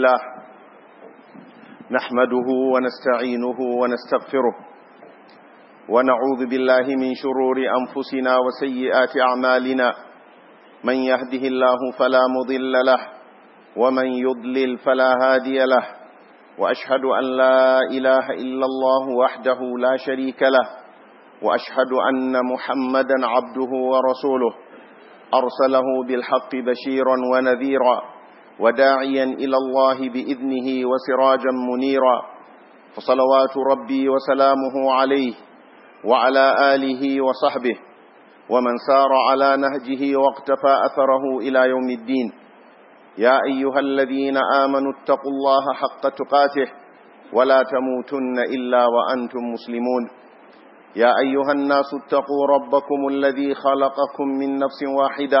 الله نحمده ونستعينه ونستغفره ونعوذ بالله من شرور أنفسنا وسيئات أعمالنا من يهده الله فلا مضل له ومن يضلل فلا هادي له وأشهد أن لا إله إلا الله وحده لا شريك له وأشهد أن محمدا عبده ورسوله أرسله بالحق بشيرا ونذيرا وداعيا إلى الله بإذنه وسراجا منيرا فصلوات ربي وسلامه عليه وعلى آله وصحبه ومن سار على نهجه واقتفى أثره إلى يوم الدين يا أيها الذين آمنوا اتقوا الله حق تقاته ولا تموتن إلا وأنتم مسلمون يا أيها الناس اتقوا ربكم الذي خلقكم من نفس واحدة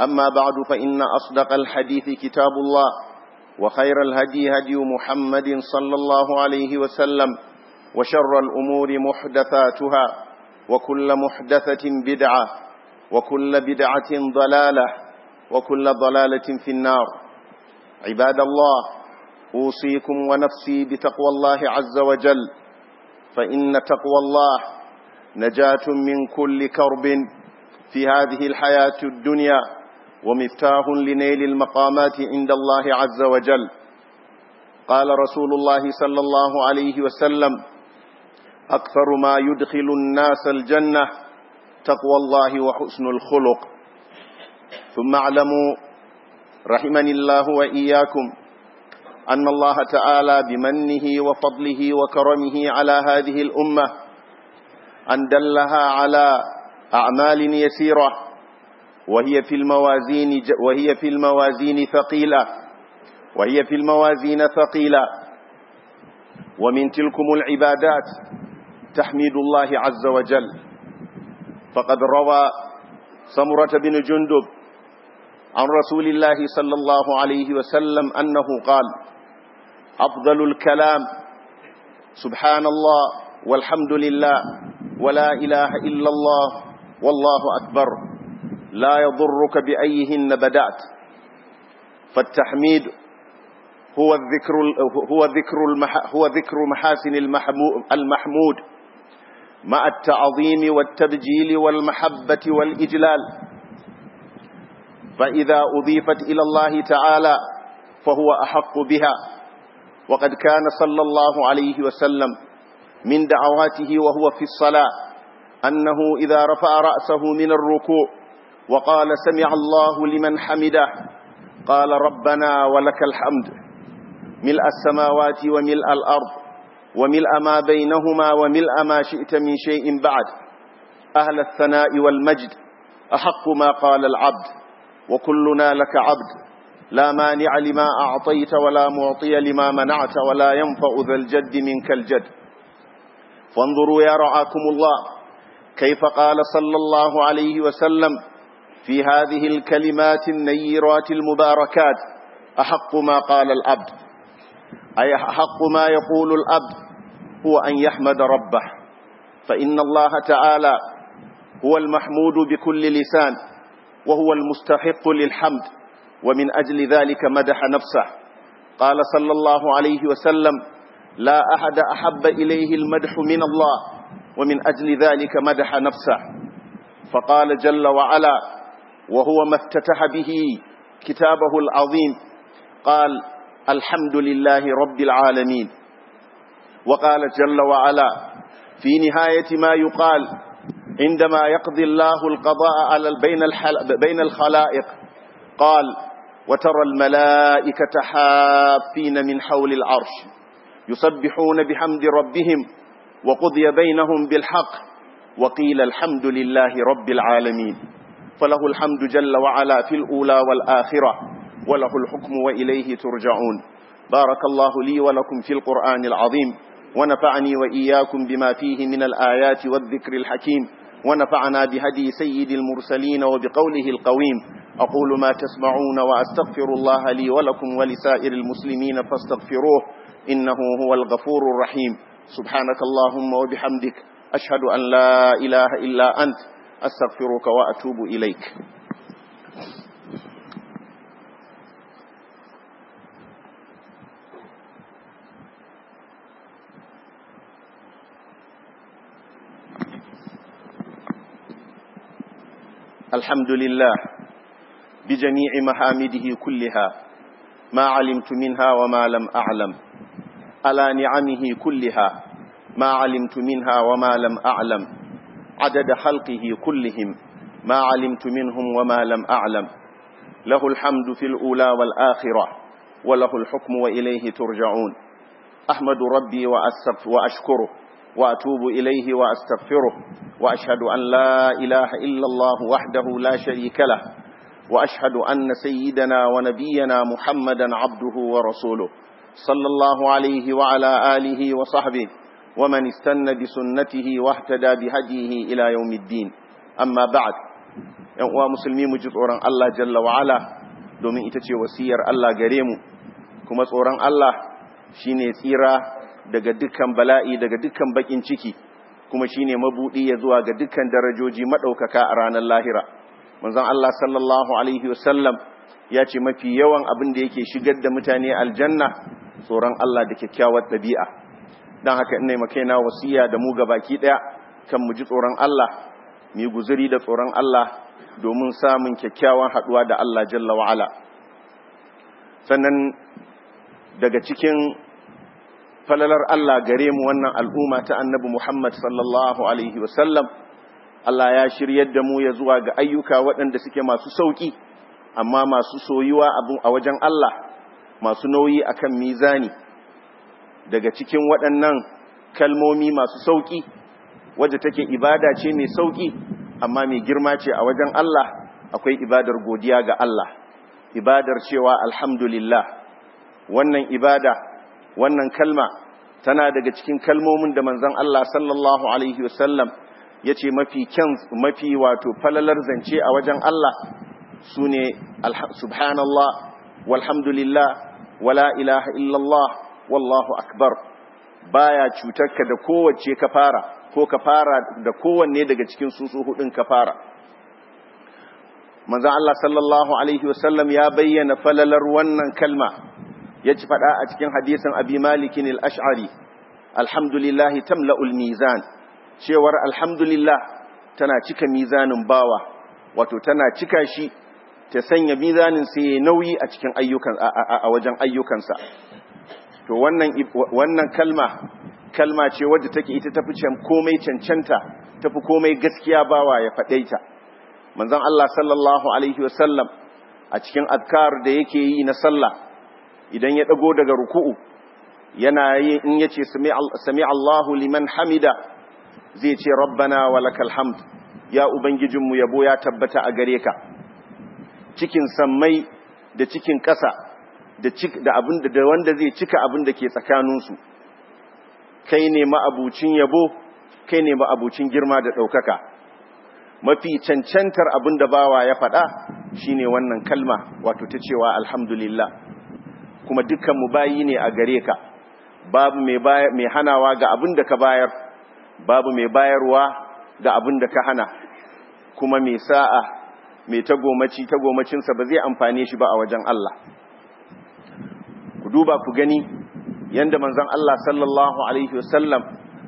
أما بعد فإن أصدق الحديث كتاب الله وخير الهدي هدي محمد صلى الله عليه وسلم وشر الأمور محدثاتها وكل محدثة بدعة وكل بدعة ضلالة وكل ضلالة في النار عباد الله أوصيكم ونفسي بتقوى الله عز وجل فإن تقوى الله نجاة من كل كرب في هذه الحياة الدنيا ومفتاح لنيل المقامات عند الله عز وجل قال رسول الله صلى الله عليه وسلم أكثر ما يدخل الناس الجنة تقوى الله وحسن الخلق ثم اعلموا رحمني الله وإياكم أن الله تعالى بمنه وفضله وكرمه على هذه الأمة أن دلها على أعمال يسيرة وهي في الموازين وهي في الموازين ثقيلة وهي في الموازين ثقيلة ومن تلكم العبادات تحميد الله عز وجل فقد روى سمرة بن جندب عن رسول الله صلى الله عليه وسلم أنه قال أفضل الكلام سبحان الله والحمد لله ولا إله إلا الله والله أكبر لا يضرك بأيهن بدأت فالتحميد هو الذكر هو ذكر هو ذكر محاسن المحمود مع التعظيم والتبجيل والمحبة والإجلال فإذا أضيفت إلى الله تعالى فهو أحق بها وقد كان صلى الله عليه وسلم من دعواته وهو في الصلاة أنه إذا رفع رأسه من الركوع وقال سمع الله لمن حمده قال ربنا ولك الحمد ملء السماوات وملء الأرض وملء ما بينهما وملء ما شئت من شيء بعد أهل الثناء والمجد أحق ما قال العبد وكلنا لك عبد لا مانع لما أعطيت ولا معطي لما منعت ولا ينفع ذا الجد منك الجد فانظروا يا رعاكم الله كيف قال صلى الله عليه وسلم في هذه الكلمات النيرات المباركات أحق ما قال الأبد أي أحق ما يقول الأبد هو أن يحمد ربه فإن الله تعالى هو المحمود بكل لسان وهو المستحق للحمد ومن أجل ذلك مدح نفسه قال صلى الله عليه وسلم لا أحد أحب إليه المدح من الله ومن أجل ذلك مدح نفسه فقال جل وعلا وهو ما افتتح به كتابه العظيم قال الحمد لله رب العالمين وقال جل وعلا في نهاية ما يقال عندما يقضي الله القضاء على بين بين الخلائق قال وترى الملائكة حافين من حول العرش يسبحون بحمد ربهم وقضي بينهم بالحق وقيل الحمد لله رب العالمين فله الحمد جل وعلا في الأولى والآخرة وله الحكم وإليه ترجعون بارك الله لي ولكم في القرآن العظيم ونفعني وإياكم بما فيه من الآيات والذكر الحكيم ونفعنا بهدي سيد المرسلين وبقوله القويم أقول ما تسمعون وأستغفر الله لي ولكم ولسائر المسلمين فاستغفروه إنه هو الغفور الرحيم سبحانك اللهم وبحمدك أشهد أن لا إله إلا أنت أستغفرك وأتوب إليك الحمد لله بجميع محامده كلها ما علمت منها وما لم أعلم على نعمه كلها ما علمت منها وما لم أعلم عدد خلقه كلهم ما علمت منهم وما لم أعلم له الحمد في الأولى والآخرة وله الحكم وإليه ترجعون أحمد ربي وأشكره وأتوب إليه وأستغفره وأشهد أن لا إله إلا الله وحده لا شريك له وأشهد أن سيدنا ونبينا محمدا عبده ورسوله صلى الله عليه وعلى آله وصحبه ومن استنى بسنته واهتدى بهديه إلى يوم الدين أما بعد ينقوى مسلمين مجد أوران الله جل وعلا دومين إتتي allah gare mu kuma أوران allah shine tsira daga dukkan bala'i daga dukkan bakin ciki kuma shine mabudi ya zuwa ga dukkan darajoji madaukaka a ranar lahira manzon Allah sallallahu alaihi wasallam ya ce mafi yawan abin da yake shigar da mutane aljanna tsoron Allah da kyakkyawar ɗabi'a don haka ina maka yana wasiya da mu baki ɗaya kan mu ji tsoron Allah mu guzuri da tsoron Allah domin samun kyakkyawan haɗuwa da Allah jalla wa'ala sannan daga cikin falalar Allah gare mu wannan al'umma ta annabi Muhammad sallallahu alaihi wasallam Allah ya shiryar da mu ya zuwa ga ayyuka waɗanda suke masu sauƙi amma masu soyuwa a wajen Allah masu nauyi a kan mizani daga cikin waɗannan kalmomi masu sauƙi wadda take ibada ce mai sauƙi amma mai girma ce a wajen Allah akwai ibadar godiya ga Allah ibadar cewa alhamdulillah wannan ibada wannan kalma tana daga cikin kalmomin da manzon Allah sallallahu alaihi wasallam yace mafi kyan mafi wato falalar zance a wajen Allah sune subhanallah walhamdulillah wala ilaha illallah wallahu akbar baya cutarka da kowace ka fara ko ka fara da kowanne daga cikin susu hudun ka fara manzo Allah sallallahu alaihi wasallam ya bayyana falalar wannan kalma yace fada a cikin hadisin Abi Malik al-Ash'ari alhamdulillah tamla'ul mizan cewar alhamdulillah tana cika mizanin bawa wato tana cika shi ta sanya mizanin sai nauyi a cikin ayyukan a wajen ayyukansa to wannan kalma kalma ce wadda take ita tafi komai cancanta tafi komai gaskiya bawa ya faɗaita. ta manzon Allah sallallahu alaihi wasallam a cikin azkar da yake yi na sallah idan ya dago daga ruku'u yana yi in yace sami Allahu liman hamida zai ce rabbana walakal hamd ya ubangijinmu yabo ya tabbata a gare ka cikin sammai da cikin ƙasa da wanda zai cika abin da ke tsakaninsu kai ne ma'abucin yabo kai ne ma'abucin girma da ɗaukaka mafi cancantar abin da bawa ya faɗa shine wannan kalma wato ta cewa alhamdulillah kuma dukkan mu bayi ne a gare ka babu mai hanawa ga abin da ka bayar babu mai bayarwa ga abin da ka hana kuma mai sa'a mai tagomaci tagomacinsa ba zai amfane shi ba a wajen Allah duba ku gani yanda manzon Allah sallallahu alaihi wasallam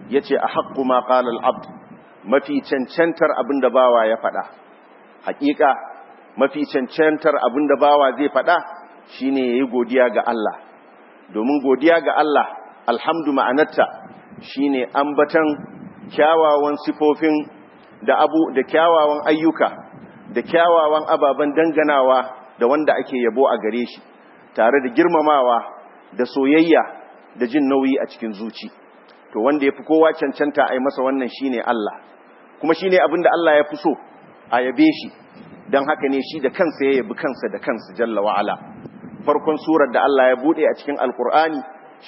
yace a haqqu ma qala al-abd mafi cancantar abinda bawa ya faɗa hakika mafi cancantar abinda bawa zai faɗa shine yayi godiya ga Allah domin godiya ga Allah alhamdu ma'anarta shine ambatan kyawawan sifofin da abu da kyawawan ayyuka da kyawawan ababen danganawa da wanda ake yabo a gare shi tare da girmamawa da soyayya da jin nauyi a cikin zuci to wanda ya fi kowa cancanta a yi masa wannan shine Allah kuma shine abin da Allah ya fi so a yabe shi don haka ne shi da kansa ya yabi kansa da kansa jalla wa'ala farkon surar da Allah ya buɗe a cikin alkur'ani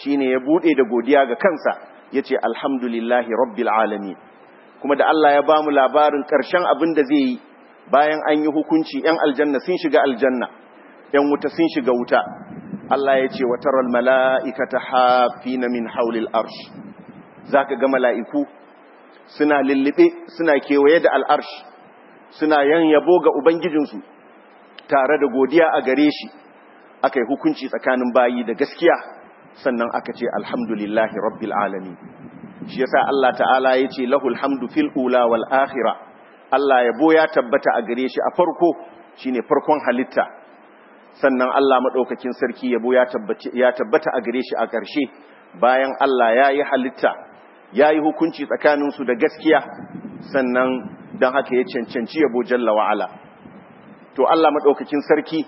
shine ya buɗe da godiya ga kansa ya ce alhamdulillahi rabbil alami kuma da Allah ya ba mu labarin ƙarshen abin da zai yi bayan an yi hukunci 'yan aljanna sun shiga aljanna 'yan wuta sun shiga wuta Allah ya ce wa ta hafi na min haulil arsh ka ga mala'iku suna lullube suna kewaye da al'arsh suna yan yabo ga ubangijinsu tare da godiya a gare shi aka yi hukunci tsakanin bayi da gaskiya sannan aka ce alhamdulillahi rabbil alami shi yasa Allah ta'ala ya ce lahul hamdu fil ula wal akhira Allah yabo ya tabbata a gare shi a farko shine farkon halitta sannan Allah maɗaukakin sarki yabo ya tabbata a gare shi a ƙarshe bayan Allah ya yi halitta ya yi hukunci tsakaninsu da gaskiya sannan don haka ya cancanci yabo jalla wa'ala to Allah maɗaukakin sarki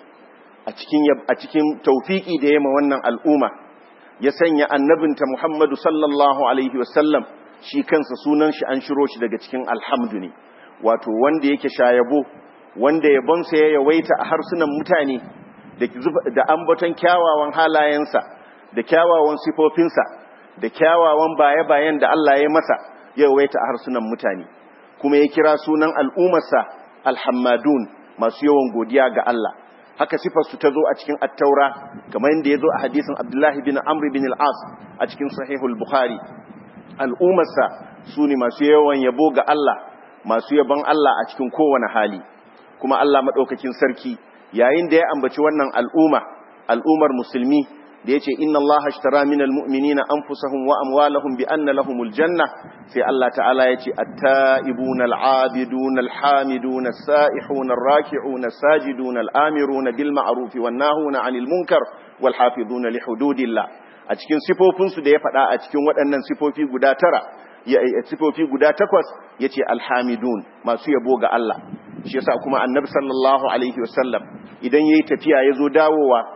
a cikin taufiƙi da ya ma wannan al'umma ya sanya annabinta Muhammadu sallallahu Alaihi wasallam shi kansa sunan shi an shiro shi daga cikin alhamdu ne wato wanda yake sha yabo, wanda yabonsa ya yawaita a harsunan mutane da ambaton kyawawan halayensa da kyawawan sifofinsa da kyawawan baye-bayen da Allah ya masa ya wai ta harsunan mutane kuma ya kira sunan al'umarsa alhammadun masu yawan godiya ga Allah haka sifarsu ta zo a cikin attaura kamar yadda ya zo a hadisin abdullahi bin amri bin al'as a cikin sahihul bukhari al'umarsa su ne masu yawan yabo ga Allah masu yabon Allah a cikin kowane hali kuma Allah maɗaukakin sarki yayin da ya ambaci wannan al'umma al'ummar musulmi da yace inna allaha ashtara minal mu'minina anfusahum wa amwalahum bi anna lahumul janna sai Allah ta'ala yace at-taibuna al-abiduna al-hamiduna as-saihuna ar-raki'una as-sajiduna al-amiruna bil ma'ruf wan nahuna 'anil munkar wal hafizuna li hududillah a cikin sifofin su da ya faɗa a cikin waɗannan sifofi guda tara sifofi guda takwas yace alhamidun masu yabo ga Allah shi yasa kuma annabi sallallahu alaihi wasallam idan yayi tafiya yazo dawowa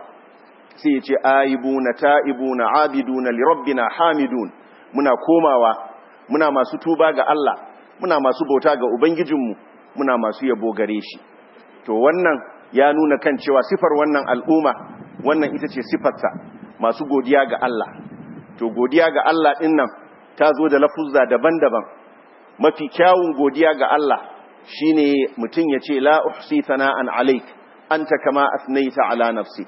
sai ya ce aibuna taibuna abiduna li rabbina hamidun muna komawa muna masu tuba ga Allah muna masu bauta ga ubangijinmu muna masu yabo gare shi to wannan ya nuna kan cewa sifar wannan al'umma wannan ita ce sifarsa masu godiya ga Allah to godiya ga Allah din ta zo da lafuzza daban-daban mafi kyawun godiya ga Allah Shi ne mutum ya ce la sana'an alaik ta kama asnaita ala nafsi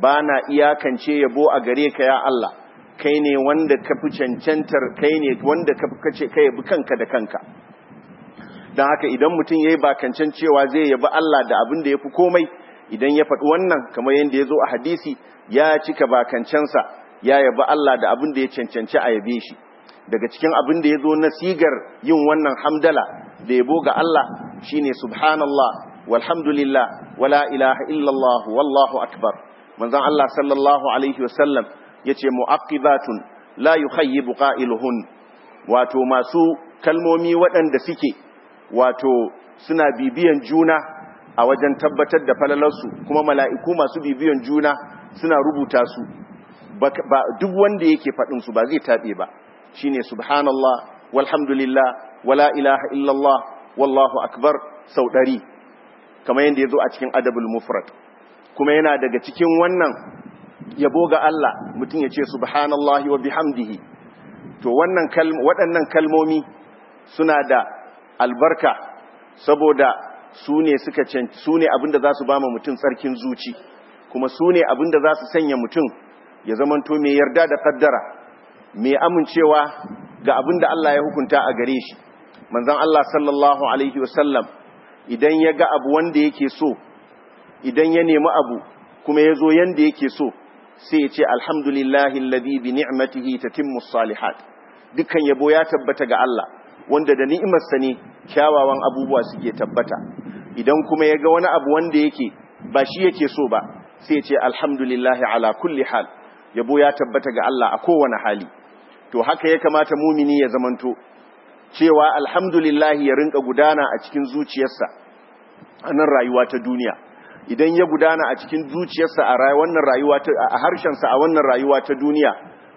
na iyakance yabo a gare ka ya Allah kai ne wanda ka fi cancantar kai ne wanda ka fi kace kai bi kanka da kanka Don haka idan mutum ya yi kancan cewa zai yabi Allah da abin da ya fi komai idan ya faɗi wannan kamar yadda ya zo a hadisi ya cika bakancensa ya yabi Allah da abin da ya cancanci a yabe shi daga cikin abin da ya zo na sigar yin wannan hamdala da yabo ga Allah shine subhanallah walhamdulillah wala ilaha illallah wallahu akbar manzon Allah sallallahu alaihi wasallam yace muaqibatun la yukhayyibu qailuhun wato masu kalmomi waɗanda suke wato suna bibiyan juna a wajen tabbatar da falalarsu kuma mala'iku masu bibiyan juna suna rubuta su ba duk wanda yake faɗin su ba zai taɓe ba shine subhanallah walhamdulillah wala ilaha illallah wallahu akbar sau ɗari kamar yadda ya zo a cikin adabul mufrad kuma yana daga cikin wannan yabo ga Allah mutum ya ce subhanallahi wa bihamdihi to wannan waɗannan kalmomi suna da albarka saboda su ne suka su ne abinda za su ba ma mutum tsarkin zuci kuma su ne abinda za su sanya mutum ya zamanto mai yarda da kaddara mai amincewa ga abinda Allah ya hukunta a gare shi Manzan Allah sallallahu alaihi wasallam idan ya ga abu wanda yake so idan ya nemi abu kuma ya zo yanda yake so sai ya ce alhamdulillahi ladi bi ni'matihi tatimmu salihat dukkan yabo ya tabbata ga Allah wanda da ni'imarsa ne kyawawan abubuwa suke tabbata idan kuma ya ga wani abu wanda yake ba shi yake so ba sai ya ce alhamdulillahi ala kulli hal yabo ya tabbata ga Allah a kowane hali to haka ya kamata mumini ya zamanto cewa alhamdulillahi ya rinka gudana a cikin zuciyarsa a nan rayuwa ta duniya idan ya gudana a cikin zuciyarsa a wannan rayuwa ta a harshensa a wannan rayuwa ta duniya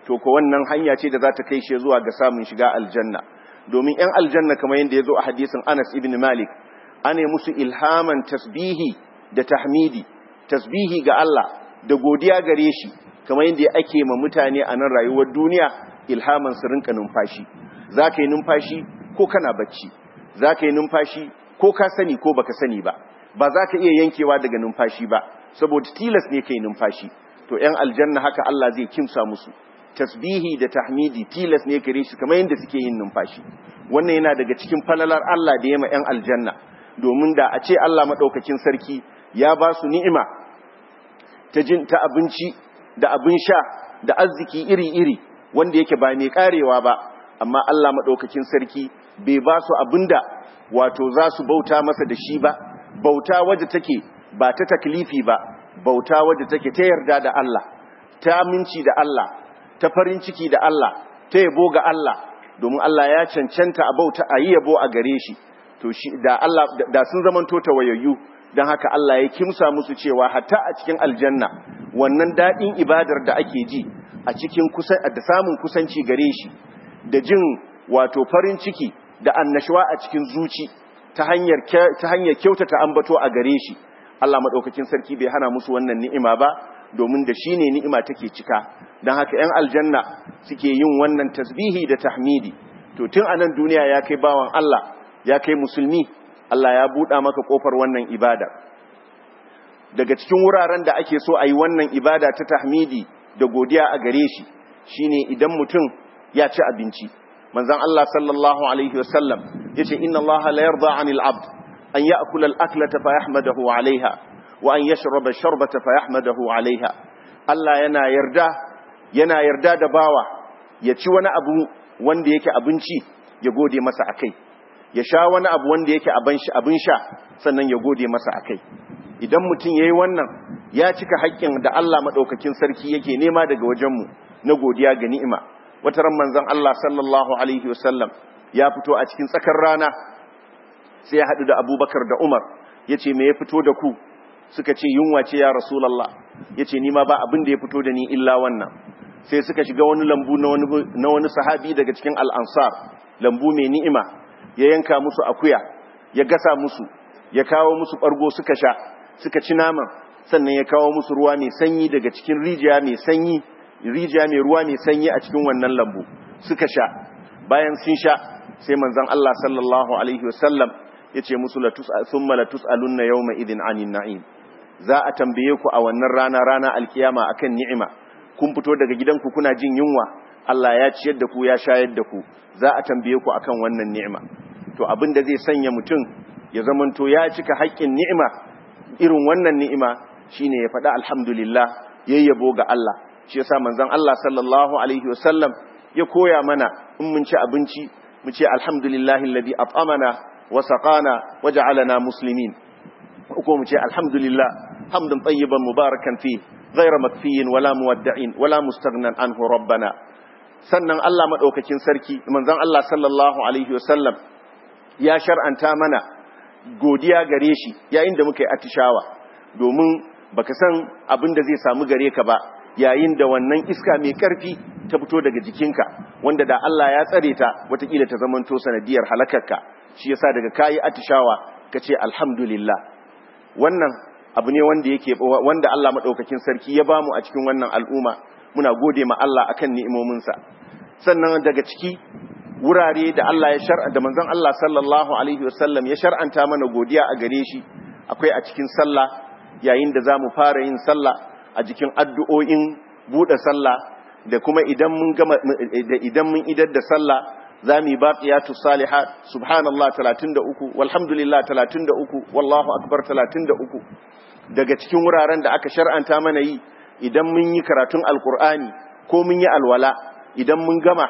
to ko wannan hanya ce da za ta kai shi zuwa ga samun shiga aljanna domin yan aljanna kamar yadda ya zo a hadisin Anas ibn Malik ana musu ilhaman tasbihi da tahmidi tasbihi ga Allah da godiya gare shi kamar yadda ake ma mutane a nan rayuwar duniya ilhaman su rinka numfashi za ka yi numfashi ko kana bacci za ka yi numfashi ko ka sani ko baka sani ba ba za ka iya yankewa daga numfashi ba saboda tilas ne ka yi numfashi to 'yan aljanna haka Allah zai kimsa musu tasbihi da tahmidi tilas ne kare shi kamar yadda suke yin numfashi wannan yana daga cikin falalar Allah da yema 'yan aljanna domin da a ce Allah maɗaukakin sarki ya ba su ni'ima ta jin ta abinci da abin sha da arziki iri-iri wanda yake ba mai karewa ba amma Allah maɗaukakin sarki bai ba su abinda wato za su bauta masa da shi ba bauta waje take ba ta taklifi ba bauta waje take ta yarda da Allah ta aminci da Allah ta farin ciki da Allah ta yabo ga Allah domin Allah ya cancanta a bauta a yi yabo a gare shi to shi da Allah da sun zamanto tawayayyu don haka Allah ya kimsa musu cewa hatta a cikin aljanna wannan daɗin ibadar da ake ji a cikin da samun kusanci gare shi da jin wato farin ciki da annashuwa a cikin zuci ta hanyar ta kyautata ambato a gare shi Allah madaukakin sarki bai hana musu wannan ni'ima ba domin da shi ne ni'ima take cika dan haka 'yan aljanna suke yin wannan tasbihi da tahmidi to tun anan duniya ya kai bawan Allah ya kai musulmi Allah ya buɗa maka kofar wannan ibada daga cikin wuraren da ake so a yi wannan ibada ta tahmidi da godiya a gare shi shine idan mutum ya ci abinci manzon Allah sallallahu alaihi wasallam yace inna Allah la yarda 'anil 'abd an ya'kula al-aklata fa yahmadahu 'alayha wa an yashraba ash-sharbata fa yahmadahu 'alayha Allah yana yarda yana yarda da bawa ya ci wani abu wanda yake abinci ya gode masa akai ya sha wani abu wanda yake abin sha sannan ya gode masa akai idan mutum yayi wannan ya cika haƙƙin da Allah madaukakin sarki yake nema daga wajenmu na godiya ga ni'ima wata ran manzon Allah sallallahu alaihi wasallam ya fito a cikin tsakar rana sai ya haɗu da abubakar da umar ya ce me ya fito da ku suka ce yunwa ce ya rasulallah ya ce nima ba abin da ya fito da ni illa wannan sai suka shiga wani lambu na wani sahabi daga cikin al'ansar lambu mai ni'ima ya yanka musu akuya ya gasa musu ya kawo musu ɓargo suka sha suka ci naman sannan ya kawo musu ruwa mai sanyi daga cikin rijiya mai sanyi rijiya mai ruwa mai sanyi a cikin wannan lambu suka sha bayan sun sha sai manzon Allah sallallahu alaihi wasallam yace musu la thumma la yau yawma anin na'im za a tambaye ku a wannan rana rana alkiyama a kan ni'ima kun fito daga gidanku kuna jin yunwa Allah ya ciyar da ku ya shayar da ku za a tambaye ku akan wannan ni'ima to abin da zai sanya mutum ya zamanto ya cika haƙƙin ni'ima irin wannan ni'ima shine ya faɗa alhamdulillah yayyabo ga Allah shi yasa manzon Allah sallallahu alaihi wasallam ya koya mana in mun ci abinci mu ce alhamdulillahi alladhi at'amana wa saqana wa ja'alana muslimin ko mu ce alhamdulillah hamdan tayyiban mubarakan fi ghayra makfiyin wala muwadda'in wala mustaghnan anhu rabbana sannan Allah madaukakin sarki manzon Allah sallallahu alaihi wasallam ya shar'anta mana godiya gare shi yayin da muka yi atishawa domin baka san abin da zai samu gare ka ba yayin da wannan iska mai karfi ta fito daga jikinka wanda da Allah ya tsare ta watakila ta zamanto sanadiyar halakarka shi yasa daga kayi atishawa ka kace alhamdulillah wannan abu ne wanda yake wanda Allah madaukakin sarki ya bamu a cikin wannan al'umma muna gode ma Allah akan ni'imominsa sannan daga ciki wurare da Allah ya shar'a da manzon Allah sallallahu alaihi wasallam ya shar'anta mana godiya a gare shi akwai a cikin sallah yayin da zamu fara yin sallah a jikin addu'o'in buɗe sallah da kuma idan mun gama da idan mun idar da sallah zamu baqiyatu Saliha subhanallah 33 walhamdulillah 33 wallahu akbar 33 daga cikin wuraren da aka shar'anta mana yi idan mun yi karatun alkur'ani ko mun yi alwala idan mun gama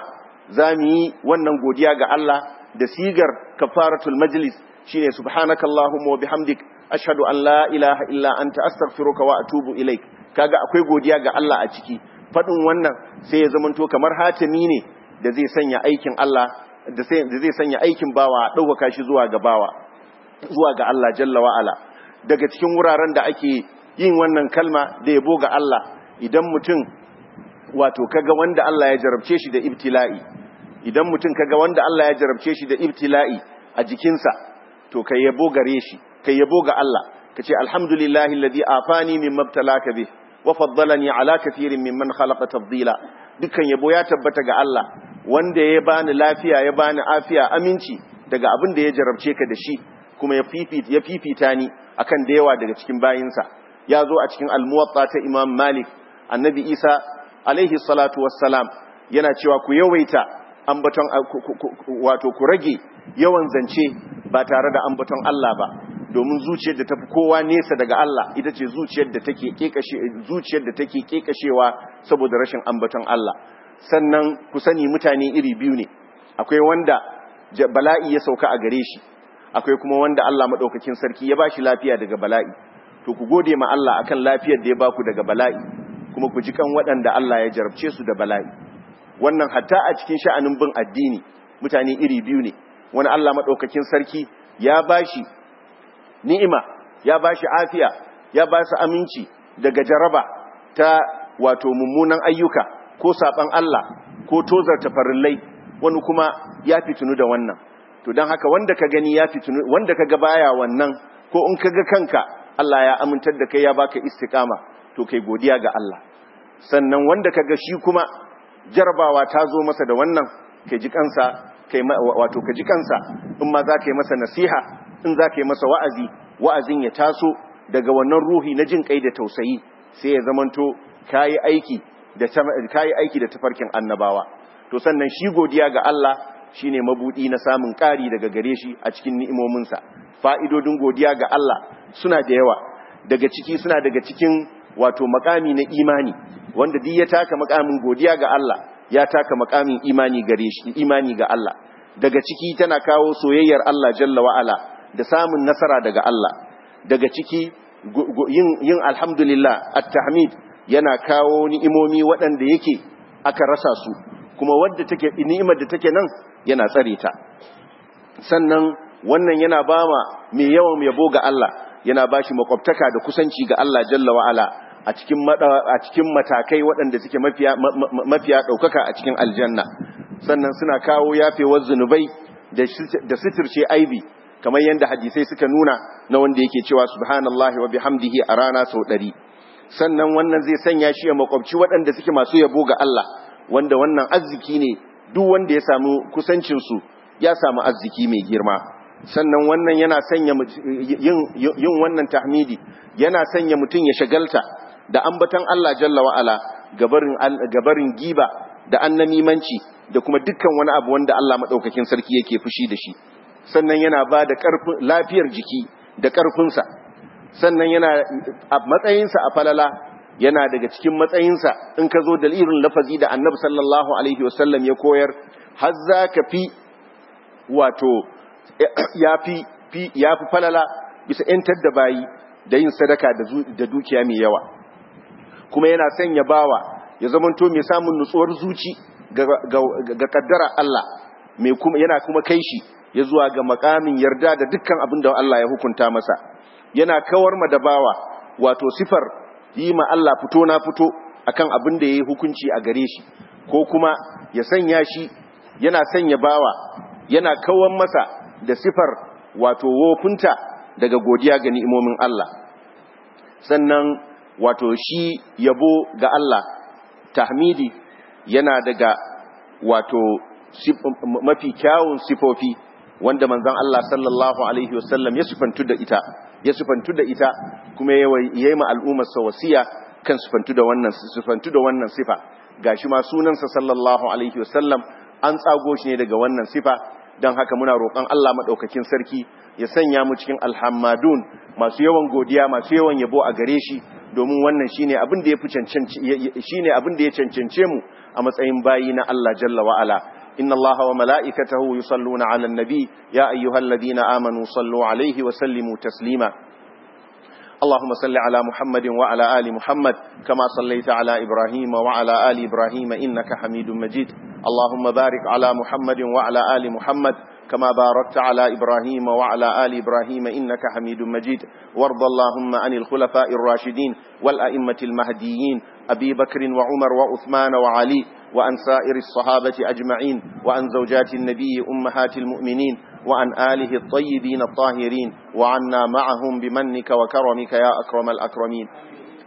mu yi wannan godiya ga Allah da sigar kafaratul majlis shine subhanakallahumma wa bihamdik ashhadu an la ilaha illa anta astaghfiruka wa atubu ilai. kaga akwai godiya ga Allah a ciki faɗin wannan sai ya zamanto kamar hatimi ne da zai sanya aikin Allah da zai sanya aikin bawa dauka shi zuwa ga bawa zuwa ga Allah jalla wa'ala daga cikin wuraren da ake yin wannan kalma da yabo ga Allah idan mutum wato kaga wanda Allah ya jarabce shi da ibtila'i idan mutum kaga wanda Allah ya jarabce shi da ibtila'i a jikinsa to kai yabo gare shi kai yabo ga Allah kace alhamdulillahi alladhi afani min mabtalaka bih wa faddalani ala kathirin mimman khalaqa tafdila dukkan yabo ya tabbata ga Allah wanda ya bani lafiya ya bani afiya aminci daga abin da ya jarabce ka da shi kuma ya fifita ya fifita ni akan da yawa daga cikin bayinsa ya zo a cikin al-muwatta ta Imam Malik annabi Isa alaihi salatu wassalam yana cewa ku yawaita ambaton wato ku rage yawan zance ba tare da ambaton Allah ba domin zuciyar da ta fi kowa nesa daga Allah ita ce zuciyar da take kekashe zuciyar kekashewa saboda rashin ambaton Allah sannan ku sani mutane iri biyu ne akwai wanda bala'i ya sauka a gare shi akwai kuma wanda Allah maɗaukakin sarki ya ba shi lafiya daga bala'i to ku gode ma Allah akan lafiyar da ya baku daga bala'i kuma ku ji kan waɗanda Allah ya jarabce su da bala'i wannan hatta a cikin sha'anin bin addini mutane iri biyu ne wani Allah madaukakin sarki ya bashi ni'ima ya bashi afiya ya su aminci daga jaraba ta wato mummunan ayyuka ko saban Allah ko tozarta farillai wani kuma ya fitinu da wannan to don haka wanda ka gani ya fitinu wanda ka ga baya wannan ko in ka ga kanka Allah ya amintar da kai ya baka istikama, to kai godiya ga Allah sannan wanda ka ga shi kuma jarabawa ta zo masa da wannan kai ji wato ka ji kansa in ma za ka yi masa nasiha in za ka yi masa wa'azi wa'azin ya taso daga wannan ruhi na jin kai da tausayi sai ya zamanto ka yi aiki da tafarkin annabawa to sannan shi godiya ga Allah shi ne mabuɗi na samun ƙari daga gare shi a cikin ni'imominsa fa'idodin godiya ga Allah suna da yawa daga ciki suna daga cikin wato makami na imani wanda duk ya taka makamin godiya ga Allah ya taka makamin imani imani ga Allah daga ciki tana kawo soyayyar Allah jalla wa'ala da samun nasara daga Allah daga ciki yin alhamdulillah at-tahmid yana kawo ni'imomi waɗanda yake aka rasa su kuma wanda take ni'imar da take nan yana tsare ta sannan wannan yana ba ma mai yawan yabo ga Allah yana ba shi makwabtaka da kusanci ga Allah jalla wa'ala a cikin matakai waɗanda suke mafiya ɗaukaka a cikin aljanna sannan suna kawo yafewar zunubai da sitirce aibi kamar yadda hadisai suka nuna na wanda yake cewa subhanallahi wa bihamdihi a rana sau ɗari sannan wannan zai sanya shi ya makwabci waɗanda suke masu yabo ga Allah wanda wannan arziki ne duk wanda ya samu kusancinsu ya samu arziki mai girma sannan wannan yana sanya yin wannan tahmidi yana sanya mutum ya shagalta da ambatan Allah jalla wa'ala gabarin giba da annamimanci da kuma dukkan wani abu wanda Allah maɗaukakin sarki yake fushi da shi sannan yana ba da lafiyar jiki da karfinsa sannan yana a matsayinsa a falala yana daga cikin matsayinsa in ka zo dalilin lafazi da annabi sallallahu alaihi wasallam ya koyar har za ka fi wato ya fi falala bisa 'yantar da bayi da yin sadaka da dukiya mai yawa kuma yana sanya bawa ya zamanto mai samun nutsuwar zuci ga kaddara Allah yana kuma kai shi ya zuwa ga makamin yarda da dukkan abin da Allah ya hukunta masa yana kawar ma da wato sifar yi ma Allah fito na fito akan abin da yayi hukunci a gare shi ko kuma ya sanya shi yana sanya bawa yana kawar masa da sifar wato wofunta daga godiya ga ni'imomin Allah sannan wato shi yabo ga Allah tahmidi yana daga wato mafi kyawun sifofi wanda manzan Allah sallallahu alaihi wasallam ya sufantu da ita ya sufantu da ita kuma yayi ma al'ummar sa kan sufantu da wannan sufantu da wannan sifa ma sunansa sallallahu alaihi wasallam an tsago shi ne daga wannan sifa don haka muna roƙon Allah maɗaukakin sarki ya sanya mu cikin alhamadun masu yawan godiya masu yawan yabo a gare shi domin wannan ne abin da ya cancance mu a matsayin bayi na Allah jalla wa'ala إن الله وملائكته يصلون على النبي يا أيها الذين آمنوا صلوا عليه وسلموا تسليما اللهم صل على محمد وعلى آل محمد كما صليت على إبراهيم وعلى آل إبراهيم إنك حميد مجيد اللهم بارك على محمد وعلى آل محمد كما باركت على إبراهيم وعلى آل إبراهيم إنك حميد مجيد وارض اللهم عن الخلفاء الراشدين والأئمة المهديين أبي بكر وعمر وعثمان وعلي وعن سائر الصحابة أجمعين وعن زوجات النبي أمهات المؤمنين وعن آله الطيبين الطاهرين وعنا معهم بمنك وكرمك يا أكرم الأكرمين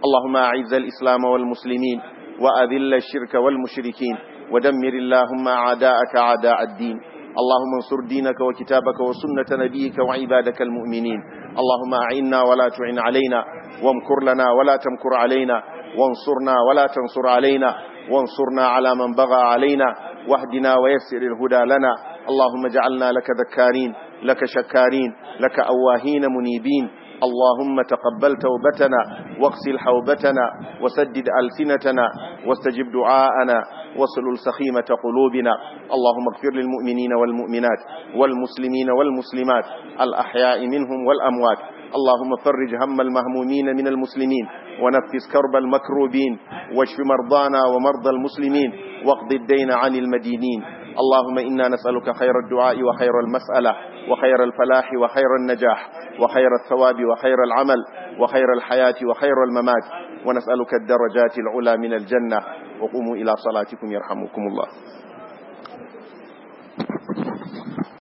اللهم أعز الإسلام والمسلمين وأذل الشرك والمشركين ودمر اللهم عداءك عداء الدين اللهم انصر دينك وكتابك وسنة نبيك وعبادك المؤمنين اللهم أعنا ولا تعن علينا وامكر لنا ولا تمكر علينا وانصرنا ولا تنصر علينا وانصرنا على من بغى علينا واهدنا ويسر الهدى لنا اللهم اجعلنا لك ذكارين لك شكارين لك أواهين منيبين اللهم تقبل توبتنا واغسل حوبتنا وسدد ألسنتنا واستجب دعاءنا وسلل سخيمة قلوبنا اللهم اغفر للمؤمنين والمؤمنات والمسلمين والمسلمات الأحياء منهم والأموات اللهم فرج هم المهمومين من المسلمين ونفس كرب المكروبين واشف مرضانا ومرضى المسلمين واقض الدين عن المدينين اللهم إنا نسألك خير الدعاء وخير المسألة وخير الفلاح وخير النجاح وخير الثواب وخير العمل وخير الحياة وخير الممات ونسألك الدرجات العلى من الجنة وقوموا إلى صلاتكم يرحمكم الله